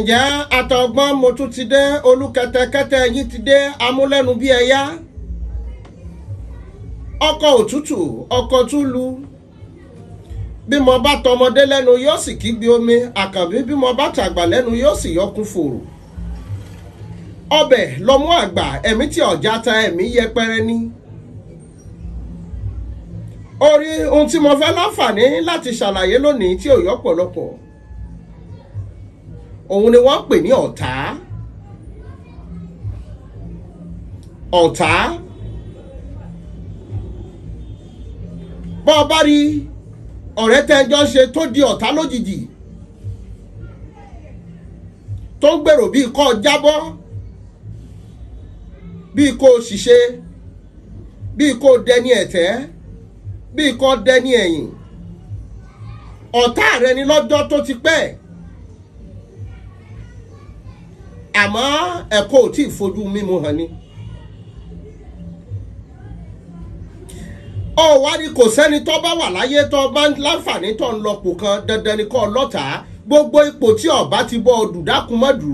ǹjẹ́ àtọ̀gbọ́n mo tún ti dé olúkẹtẹkẹtẹ yìí ti dé amúlẹ́nu bí ẹyá ọkọ̀ òtútù ọkọ̀ túlu bí mo bá tọmọdé lẹ́nu yóò sì kígbe omi àkànbí bí mo bá tàgbà lẹ́nu yóò sì yọkún fòrò ọbẹ̀ lọ́mú àgbà ẹ̀mí tí ọ̀já ta ẹ̀mí yẹpẹrẹ ní orí ohun tí mo fẹ́ láǹfààní láti ṣàlàyé lónìí tí ò yọ pọ̀lọpọ̀ òun ni wọ́n ń pè ní ọ̀tá ọ̀tá bọ́ ọ bá rí ọ̀rẹ́ tẹ́jọ́ ṣe tó di ọ̀tá lójijì tó ń gbèrò bíi kọ́ ọ jábọ́ bíi kó o ṣìṣe bíi kó o dẹni ẹ̀tẹ́ bíi kó o dẹni ẹ̀yìn ọ̀tá rẹ ni lọ́jọ́ tó ti pẹ́ àmọ́ ẹ̀kọ́ ò tí ì fojú mímu hàn ni. ó wá ní kò sẹ́ni tó bá wà láyé tó bá láǹfààní tó ń lọ pò kan dandan ni kó lọ́tàá gbogbo ipò tí ọba ti bọ́ dùdákùmọ́dù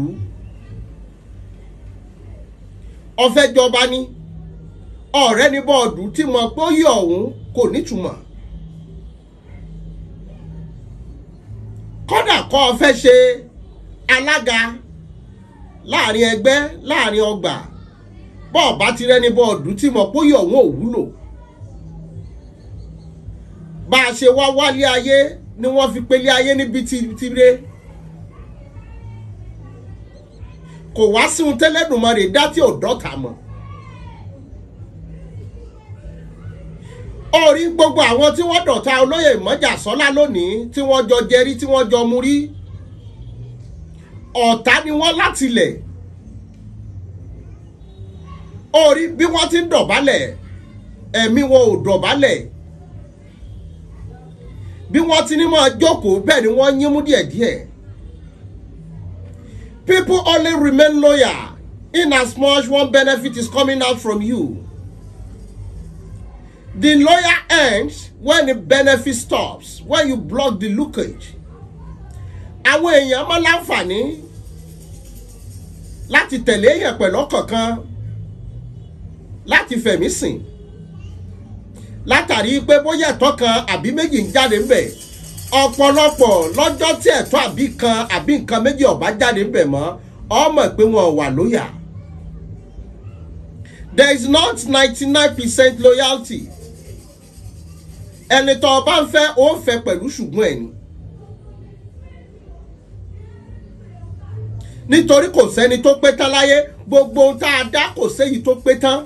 ọfẹ́ jọba ni ọ̀rẹ́ ní bọ́ọ̀dù tí mo pé ó yí ọ̀hún kò nítumọ̀ kódà kó o fẹ́ ṣe alága láàrin ẹgbẹ́ láàrin ọgbà bọ́ọ̀ bá ti rẹ́ni bọ́ọ̀dù tí mọ̀ pé yọ̀ wọ́n ò wúlò bá a ṣe wá wálé ayé ni wọ́n fi pelé ayé níbi tibitire kò wá sí ohun tẹ́lẹ̀dùnmọ́rè dá tí ò dọ́ta mọ́ orí gbogbo àwọn tí wọ́n dọ̀ta olóyè ìmọ̀jà sọ́lá lónìí tí wọ́n jọ jẹrí tí wọ́n jọ mu ọ̀tá ni wọ́n látilẹ̀ orí bí wọ́n ti ń dọ̀bálẹ̀ ẹ̀mí wọn ò dọ̀bálẹ̀ bí wọ́n ti ní máa jókòó bẹ́ẹ̀ ni wọ́n yín mú díẹ̀díẹ̀ people only remain loyal in as much one benefit is coming out from you the loyal ends when the benefit stops when you block the leakage àwọn èèyàn máa láǹfààní láti tẹ̀lé èèyàn pẹ̀lú ọ̀kọ̀ọ̀kan láti fẹ̀mí sìn látàrí pé bóyá ẹ̀tọ́ kan àbí méjì ń jáde ńbẹ̀ ọ̀pọ̀lọpọ̀ lọ́jọ́ tí ẹ̀tọ́ àbí kan àbí nǹkan méjì ò jáde ńbẹ̀ mọ́ ọmọ pé wọn wà lóyà there is not ninety nine percent loyalty ẹni tó o bá ń fẹ́ o ń fẹ́ pẹ̀lú ṣùgbọ́n ẹni nítorí kò sẹ́ni tó pé tán láyé gbogbo ohun tá a dá kò séyìí tó pé tán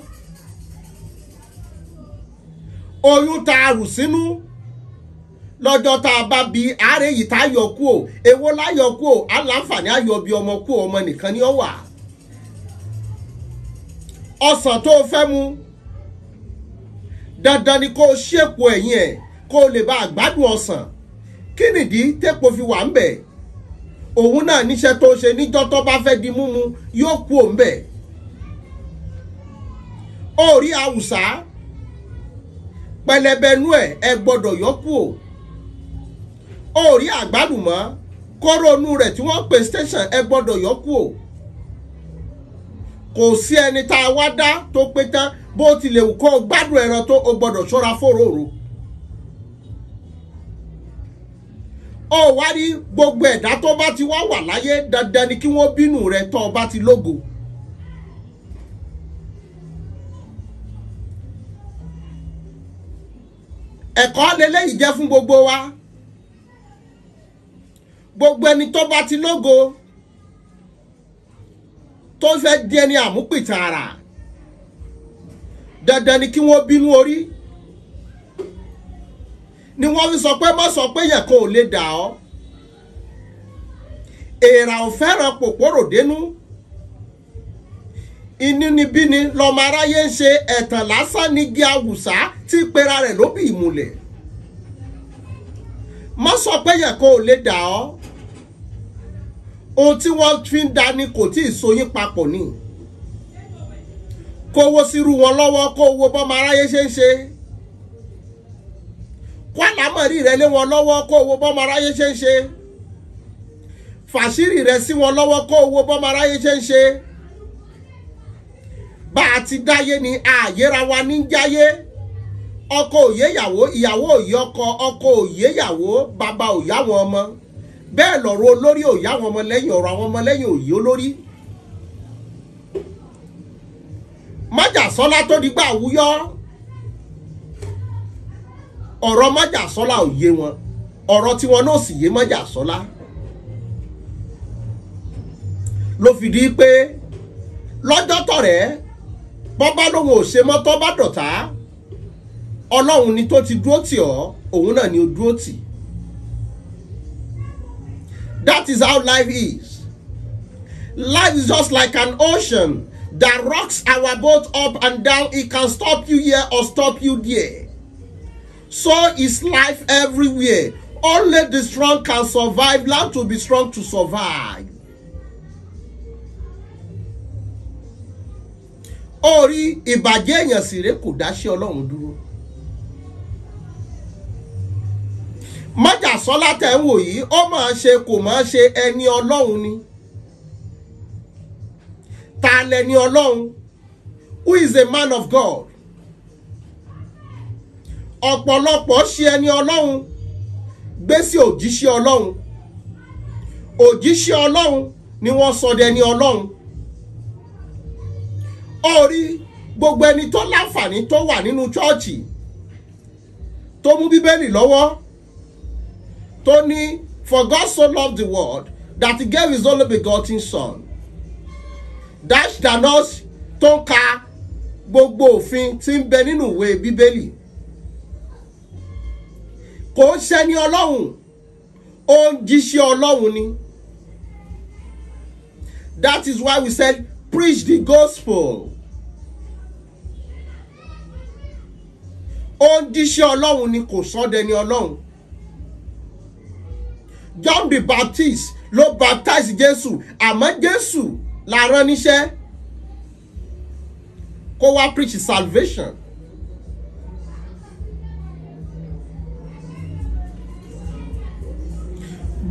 oyún tá a rù sínú lọ́jọ́ tá a bá bi àárẹ̀ yìí tá a yọ kú o èwo láyọ kú o aláǹfààní ayọ̀ bí ọmọ kú ọmọ nìkan ni ó wà ọsàn tó fẹ́ mu dandan ni kó o ṣèpò ẹ̀yìn ẹ̀ kó o lè bá a gbádùn ọsàn kí nìdí tépo fi wà ń bẹ̀ òun náà níṣẹ́ tó ṣe níjọ́ tó bá fẹ́ di múmu yóò kú òun bẹ̀ orí haúsá pẹlẹbẹnú ẹ ẹ gbọ́dọ̀ yọkù o orí àgbálùmọ̀ kórónú rẹ̀ tí wọ́n pè station ẹ gbọ́dọ̀ yọkù o kò sí ẹni tá a wá dá tó pé tán bó tilẹ̀ kó gbádùn ẹran tó o gbọ́dọ̀ ṣọ́ra fóróró. ọ wá rí gbogbo ẹ̀dá tó bá ti wá wà láyé dandan ni kí wọ́n bínú rẹ tó o bá ti lógo. ẹ̀kọ́ lélẹ́yìí jẹ́ fún gbogbo wa gbogbo ẹni tó bá ti lógo tó fẹ́ di ẹni àmúpìtàrà dandan ni kí wọ́n bínú orí ni wọ́n fi sọ pé má sọ pé yẹn kò lè dà ọ́ èèrà ò fẹ́ràn pòpòrò dénú inúnibíni lọmọ aráyé ń ṣe ẹ̀tàn lásán nígi awùsá tí pera rẹ̀ ló bí ìmùlẹ̀ má sọ pé yẹn kò lè dà ọ́ ohun tí wọ́n fi ń da ni kò tí ì soyín papọ̀ ni kówó sírú wọn lọ́wọ́ kówó bọ́mọ aráyé ṣe ń ṣe kwálámọ̀rí rẹ lé wọn lọ́wọ́ kó owó bọ́mọ aráyé ṣe ń ṣe fàṣírí rẹ sí wọn lọ́wọ́ kó owó bọ́mọ aráyé ṣe ń ṣe bá a ti dáyé ni àyèra wa ní jáyé ọkọ òye ìyàwó ìyàwó òye ọkọ ọkọ òye ìyàwó bàbá òyà wọn ọmọ bẹ́ẹ̀ lọ̀rọ̀ olórí òyà wọn ọmọ lẹ́yìn ọ̀rọ̀ àwọn ọmọ lẹ́yìn òye olórí. májà sọlá tó di gbà wúyọ́ ọ̀rọ̀ májàsọ́lá ò yé wọn ọ̀rọ̀ tiwọn náà sì yé májàsọ́lá ló fi di pé lọ́jọ́ tọ̀rẹ́ bọ́bá lòun ò ṣe mọ́ tọ́ bá dọ̀tá ọlọ́run ni tó ti dúró tì ọ́ òun náà ni ó dúró tì that is how life is life is just like an ocean that rocks our boat up and down it can stop you here or stop you there so is life everywhere only the strong can survive learn to be strong to survive. orí ìbàjẹ́ èèyàn sì rèé kò dáṣẹ́ ọlọ́run dúró. májàsọ́lá tẹ̀ ń wò yìí ó máa ṣe kò máa ṣe ẹni ọlọ́run ni. ta lẹni ọlọ́run who is a man of God ọ̀pọ̀lọpọ̀ ṣe ẹni ọlọ́run gbé sí òjíṣẹ́ ọlọ́run òjíṣẹ́ ọlọ́run ni wọ́n sọ dẹni ọlọ́run orí gbogbo ẹni tó láǹfààní tó wà nínú chọ́ọ̀chì tó mú bíbélì lọ́wọ́ tó ní for God so loved the world that he gave his only begotten son dash danos tó ń ka gbogbo òfin tí ń bẹ nínú ìwé bíbélì kò ń ṣẹni ọlọ́run ó ń jíṣẹ́ ọlọ́run ni that is why we said preach the gospel ó ń jíṣẹ́ ọlọ́run ni kò sọ́dẹni ọlọ́run John the Baptist ló baptize Jésù àmọ́ Jésù la rán níṣẹ́ kó wá preach salvation.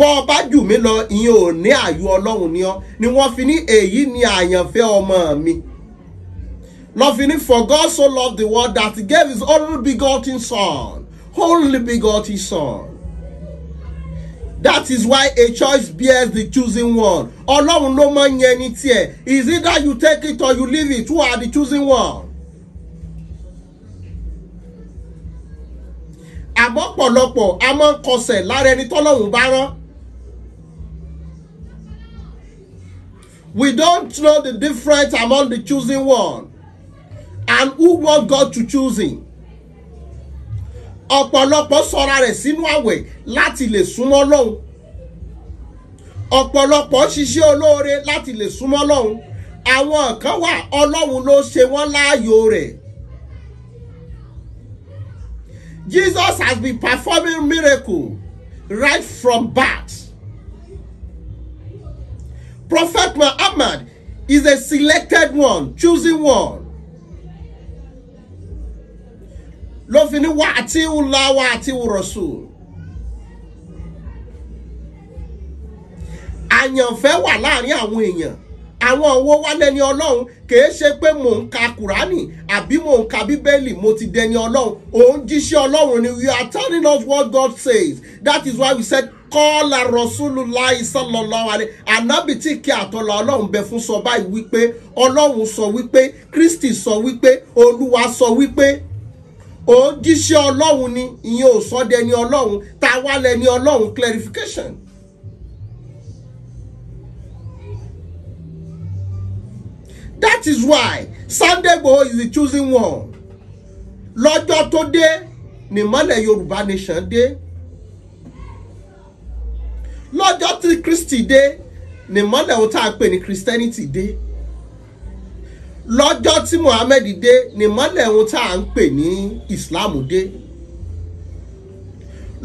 bọ́ ọ bá jù mí lọ ìyẹn ò ní àyò ọlọ́run ni ọ ni wọ́n fi ní èyí ni àyànfẹ́ ọmọ mi lọ́ for God so loved the world that he gave his only begotten son only begotten son that is why a choice bears the choosing one ọlọ́run ló mọ̀ yẹn ní tiẹ̀ is it that you take it or you leave it who are the choosing one. àmọ́ pọ̀lọpọ̀ a máa ń kọsẹ̀ lára ẹni tọ́lọ́run bá rán. We don't know the difference among the choosing one and who want God to choose him. Ọ̀pọ̀lọpọ̀ sọra rẹ̀ sínú àwẹ̀ láti lè súnmọ́ lọ́hùn. Ọ̀pọ̀lọpọ̀ ṣiṣẹ́ olóore láti lè súnmọ́ lọ́hùn. Àwọn kan wà Ọlọ́run ló ṣe wọ́n láàyò rẹ̀. Jesus has been performing miracle right from birth. Prophet Muhammad is a selected one, choosing one. Ló fi ní wá àti ìwúlá wá àti ìwúrọ̀sùn. Àyànfẹ́ wà láàrin àwọn èèyàn. Àwọn owó wá lẹ́ni Ọlọ́run kìí ṣe pé mò ń ka Kùránì àbí mò ń ka Bíbélì mo ti dẹni Ọlọ́run. Òun jíṣẹ́ Ọlọ́run ni we are turning off what God says. That is why we said kọ́ọ̀là Rasulullah sallallahu alaihi ànábì tí kí àtọ́là ọlọ́run bẹ fún sọ báyìí wípé ọlọ́run sọ wípé Kristi sọ wípé olúwa sọ wípé òjíṣẹ́ ọlọ́run ni ìyẹn ò sọ́dẹ ni ọlọ́run tá a wá lẹ́ni ọlọ́run clarification. that is why Sunday Igboho is the choosing one lọ́jọ́ tó dé nímọ́lẹ̀ Yorùbá nation dé lọ́jọ́ tí kristi dé ni mọ́lẹ̀ ohun tá a pè ní christianity dé lọ́jọ́ tí muhammed dé ni mọ́lẹ̀ ohun tá a ń pè ní islam dé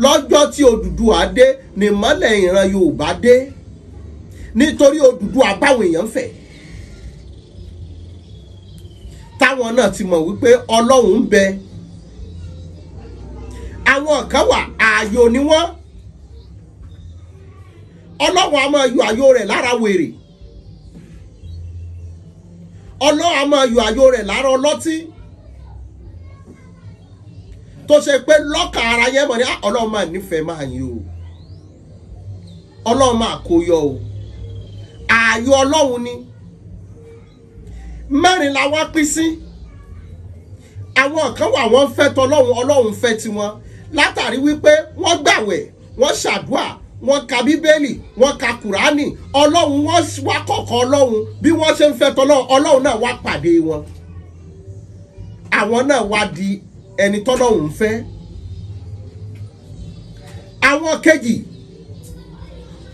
lọ́jọ́ tí odùduwà dé ni mọ́lẹ̀ ìran yorùbá dé nítorí odùduwà báwọn èèyàn fẹ́ táwọn náà ti mọ̀ wípé ọlọ́run ń bẹ àwọn kan wà ààyò ni wọ́n ọlọ́run á máa yọ àyò rẹ̀ lára wèrè ọlọ́run á máa yọ àyò rẹ̀ lára ọlọ́tí tó ṣe pé lọ́kà ara yẹn mọ̀ ní ah, ọlọ́run máa nífẹ̀ẹ́ máa yín o ọlọ́run máa kó yọ o ààyò ọlọ́run ni mẹ́rin la wá pín sí àwọn kan wà wọ́n fẹ́ tọlọ́run ọlọ́run fẹ́ tiwọn látàrí wípé wọ́n gbàwẹ̀ wọ́n ṣàdúà wọ́n ka bíbélì wọ́n ka kùránì ọlọ́run wọ́n wá kọ̀ọ̀kan ọlọ́run bí wọ́n ṣe ń fẹ́ tọ́lọ́run ọlọ́run náà wá pàdé wọn àwọn náà wá di ẹni tọ́lọ́run ń fẹ́ àwọn kejì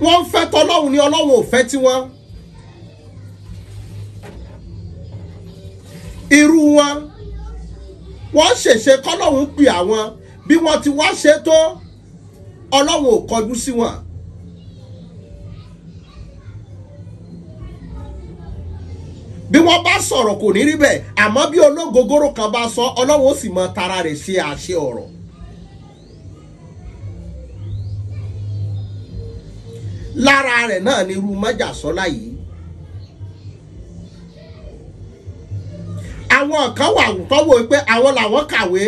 wọ́n ń fẹ́ tọ́lọ́run ni ọlọ́run ò fẹ́ tiwọn irú wọn wọ́n ṣèṣe kọ́lọ́run pè àwọn bí wọ́n ti wá ṣe tó ọlọ́run ò kọjú sí wọn. bí wọ́n bá sọ̀rọ̀ kò ní rí bẹ́ẹ̀ àmọ́ bí ológogoro kan bá sọ ọlọ́run ó sì mọ tara rẹ̀ ṣe àṣẹ ọ̀rọ̀. lára rẹ̀ náà ni irú mọ́jà sọ́lá yìí. àwọn kan wà tọ́wọ́ pé àwọn làwọn kàwé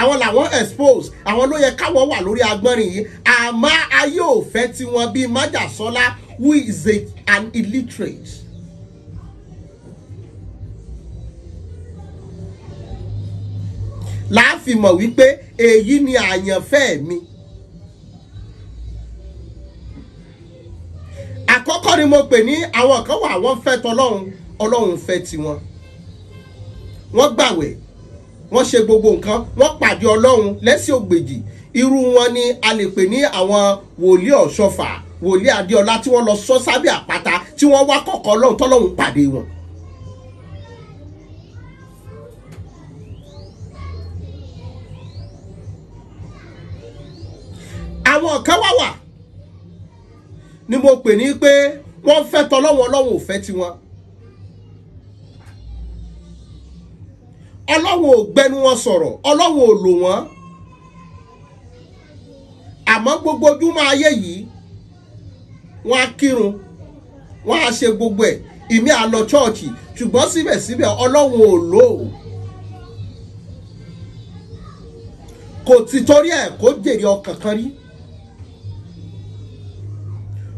àwọn làwọn expose àwọn ló yẹ káwọn wà lórí agbọ́nrin yìí àmọ́ ayé ò fẹ́ tiwọn bíi májàsọ́lá who is a, an illiterate. láàfin mọ̀ wípé èyí ni àyànfẹ́ mi. àkọ́kọ́ ni mo pè ní àwọn kan wà wọ́n fẹ́ tọ́lọ́run ọlọ́run fẹ́ tiwọn wọ́n gbàwẹ̀ wọ́n ṣe gbogbo nǹkan wọ́n pàdé ọlọ́run lẹ́sìn ògbèjì irú wọn ni a lè pè ní àwọn wòlíì ọ̀ṣọ́fà wòlíì adéọlá tí wọ́n lọ sọ sábẹ́ àpáta tí wọ́n wá kọ̀kọ́ ọlọ́run tọ́lọ́run pàdé wọn. àwọn kan wá wà ni mo pè ní pé wọ́n fẹ́ tọ́lọ́wọ́n ọlọ́run ò fẹ́ tiwọn. ọlọ́run ò gbẹnu wọn sọ̀rọ̀ ọlọ́run ò lò wọ́n àmọ́ gbogbo ojúmọ́ ayé yìí wọ́n á kírun wọ́n á ṣe gbogbo ẹ̀ ìmí àlọ chọ́ọ̀chì ṣùgbọ́n síbẹ̀síbẹ̀ ọlọ́run ò lò ó kò ti torí ẹ̀ kó jèrè ọkàn kan rí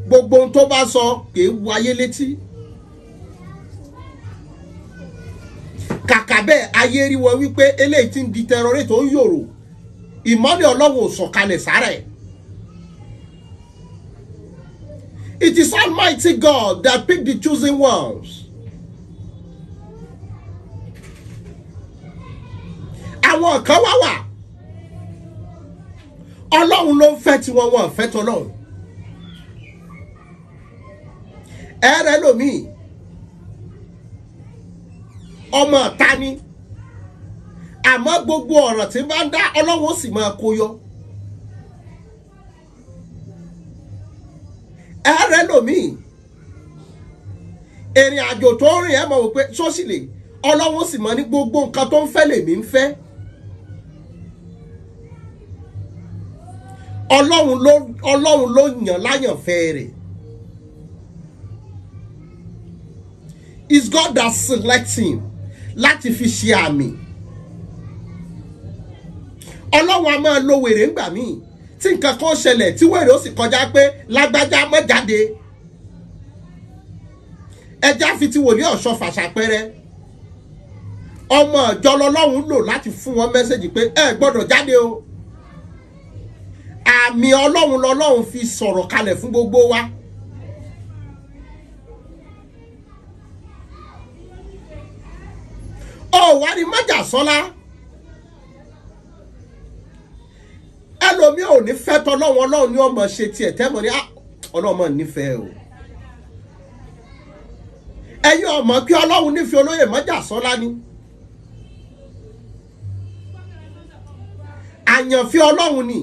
gbogbo ohun tó bá sọ kì í wáyé létí. abẹ́ ayé rí wọn wípé eléyìí ti ń di tẹrọrí tó ń yòrò ìmọ́lẹ̀ ọlọ́run sọ̀kalẹ̀ sára It is Almighty God that pick the chosen ones. Àwọn kan wá wà. Ọlọ́run ló ń fẹ́ tiwọn wọn fẹ́ tọ́lọ́run. Ẹ̀rẹ́ lòmíì ọmọ ta ni àmọ́ gbogbo ọ̀rọ̀ tí bá ń dá ọlọ́run sì máa kó yọ. ẹ̀rẹ́ lòmíì ìrìn àjò tó ń rìn ẹ̀ mọ̀ wípé sósìlè ọlọ́run sì mọ̀ ní gbogbo nǹkan tó ń fẹ́ lèmi ń fẹ́. ọlọ́run ló ọlọ́run ló yàn láyànfẹ́ rẹ̀. God that selects him láti fi ṣe àmì ọlọ́wọ́ a máa lo wèrè ńgbà míì tí nǹkan kan ṣẹlẹ̀ tí wèrè ó sì kọjá pé lágbájá má jáde ẹja fi ti wòlíì ọ̀ṣọ́ fàṣàpẹ́rẹ́ ọmọ ìjọ lọ́lọ́run lò láti fún wọn mẹ́sẹ̀gì pé ẹ gbọ́dọ̀ jáde o àmì ọlọ́run lọ́lọ́run fi sọ̀rọ̀ kalẹ̀ fún gbogbo wa. ọ̀wárí májà sọ́lá ẹlòmíì ò ní fẹ́ tọ́lọ́wọ́n ọlọ́run ní ọmọ ṣe tiẹ̀ tẹ́mọ̀ ní ah, ọlọ́mọ nífẹ̀ẹ́ o ẹ̀yin ọmọ pé ọlọ́run nífẹ̀ẹ́ olóyè májà sọ́lá ni àyànfẹ́ ọlọ́run ni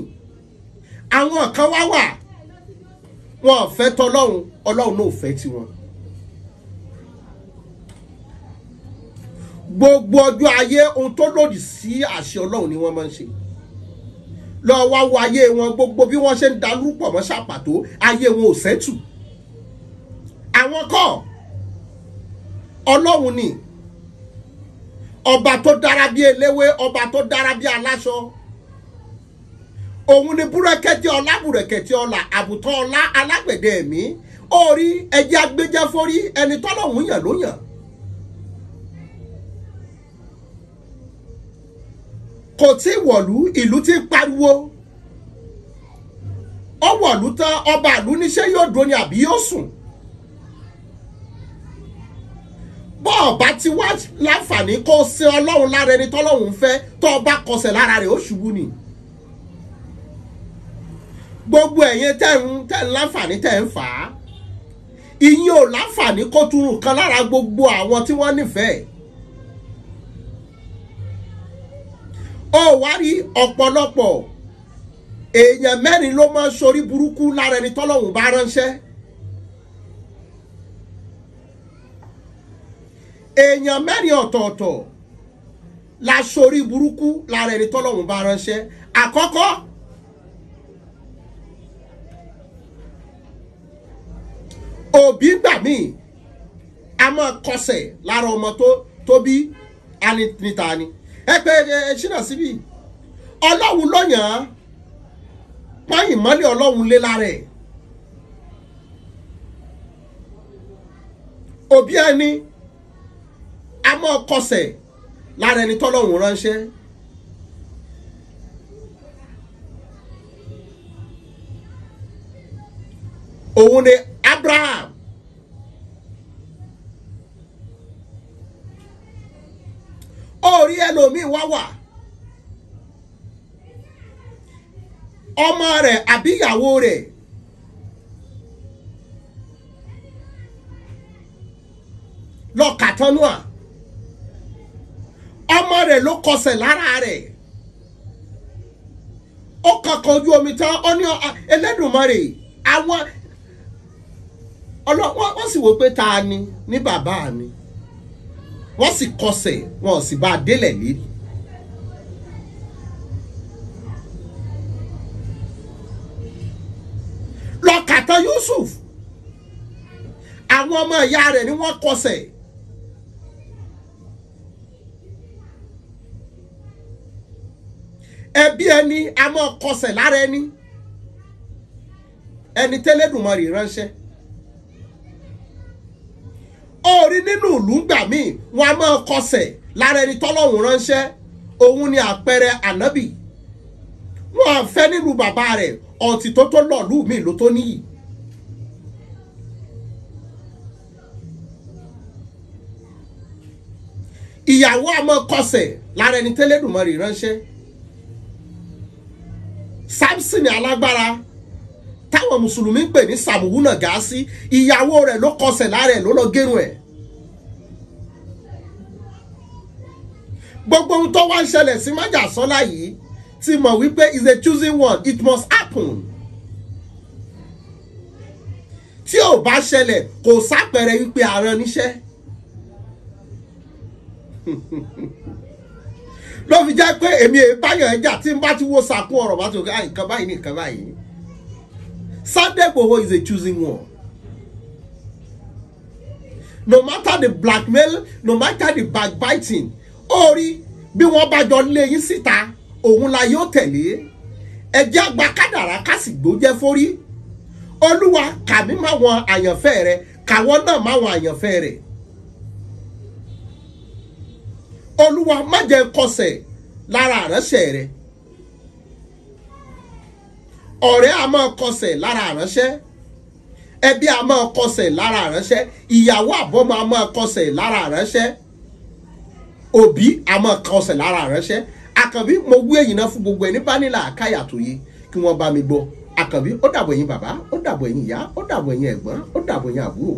àwọn kan wá wà wọn ò fẹ́ tọ́lọ́run ọlọ́run náà ò fẹ́ tiwọn. gbogbo ọjọ́ ayé ohun tó lòdì sí àṣẹ ọlọ́run ni wọ́n máa ń ṣe lọ wá wo ayé wọn gbogbo bí wọ́n ṣe ń darúpọ̀ mọ́ ṣàpàtó ayé wọn ò sẹ́tù àwọn kọ́ ọlọ́run ni ọba tó dára bí eléwé ọba tó dára bí aláṣọ òun ni búrẹ́kẹ́tì ọlá búrẹ́kẹ́tì ọlá àbùtọ́ ọlá alágbẹ̀dẹ ẹ̀mí orí ẹ̀jẹ̀ agbẹ́jẹ́ forí ẹni tọ́lọ́hún yàn ló yàn. kò tí wọ̀lú ìlú ti ń pariwo ó wọ̀lú tán ọba ìlú níṣẹ́ yóò dúró ni àbí yóò sùn bọ́ ọba ti wá láǹfààní kó o sin ọlọ́run lára ẹni tọ́lọ́run fẹ́ tó ọba kọsẹ̀ lára rẹ̀ ó ṣubú ni gbogbo ẹ̀yin tẹ̀ ń tẹ̀ ń láǹfààní tẹ̀ ń fà á ìyẹn ò láǹfààní kó tún nǹkan lára gbogbo àwọn tí wọ́n nífẹ̀ẹ́ ó wá rí ọ̀pọ̀lọpọ̀ èèyàn mẹ́rin ló máa ń sorí burúkú lára ẹni tọ́lọ́hún bá ránṣẹ́ èèyàn mẹ́rin ọ̀tọ̀ọ̀tọ̀ la sorí burúkú lára ẹni tọ́lọ́hún bá ránṣẹ́ àkọ́kọ́ òbí gbà míì a máa kọsẹ̀ lára ọmọ tó bí anítani ẹ pé ẹ ṣìnà síbí ọlọ́run lọ́yàn án pààyàn mọ́lẹ̀ ọlọ́run lé lára ẹ̀ òbí ẹni a máa kọsẹ̀ lára ẹni tọ́lọ́run ránṣẹ́. òun ni Abraham orí ẹlòmíì wá ọmọ rẹ̀ abiyawo rẹ rẹ̀ lọ́kàtánú à ọmọ rẹ̀ ló kọsẹ̀ lára rẹ̀ ó kankan ojú omi tán ó ní Ẹlẹ́dùmarè ah, àwọn ọlọ́wọ́ ó sì wò pé ta ni ní bàbá mi. wọ́n sì kọsẹ̀ wọn sì bá a délẹ̀ lérí. lọ́kàtàn Yusuf àwọn ọmọ ìyá rẹ̀ ni wọ́n kọsẹ̀. ẹbí ẹni a máa kọsẹ̀ lára ẹni ẹni tẹ́lẹ̀dùnmọ́ rè ránṣẹ́ orí nínú ìlú ń gbà míì wọn a máa kọsẹ̀ lára ẹni tọ́lọ́hún ránṣẹ́ òun ni àpẹẹrẹ ànábì wọn à fẹ́ nílùú bàbá rẹ̀ ọ̀tì tó tó lọ̀lú mi ló tó níyì. ìyàwó a máa kọsẹ̀ lára ẹni tẹ́lẹ̀dùnmọ́ rẹ̀ ránṣẹ́ Samson alágbára táwọn mùsùlùmí ń pè ní sàmùhúnà gáàsì ìyàwó rẹ̀ ló kọsẹ̀ lára ẹ̀ ló lọ gérun ẹ̀. gbogbo ohun tó wá ń ṣẹlẹ̀ sí májàsọ́lá yìí ti mọ̀ wípé is a choosing one it must happen. tí ò bá ṣẹlẹ̀ kò sápẹ̀rẹ̀ wípé àrán níṣẹ́. ló fi jẹ́ pé èmi èyí báyọ̀ ẹja tí n bá ti wo sàkún ọ̀rọ̀ bá tó ká nǹkan báyìí nǹkan báyìí. Sunday Igboho is a choosing one. No matter the blackmail, no matter the backbiting, orí bí wọ́n bá jọ lé yín síta òun la yóò tẹ̀lé. Ẹjẹ́ àgbà kádàrá kásìgbó jẹ́ fórí. Olúwa kà mí má wọn àyànfẹ́ rẹ̀ kàwọn náà má wọn àyànfẹ́ rẹ̀. Olúwa má jẹ́ kọsẹ̀ lára àránṣẹ́ rẹ̀ ọ̀rẹ́ a máa kọsẹ̀ lára àránṣẹ́ ẹbí a máa kọsẹ̀ lára àránṣẹ́ ìyàwó àbọ́mọ a máa kọsẹ̀ lára àránṣẹ́ òbí a máa kọsẹ̀ lára àránṣẹ́ àkànbí mo wú èyí náà fún gbogbo ẹni bá nílà àkáyà tó yé kí wọ́n bá mi gbọ́ àkànbí ó dàbọ̀ ẹ̀yin bàbá ó dàbọ̀ ẹ̀yin ìyá ó dàbọ̀ ẹ̀yin ẹ̀gbọ́n ó dàbọ̀ ẹ̀yin àbúrò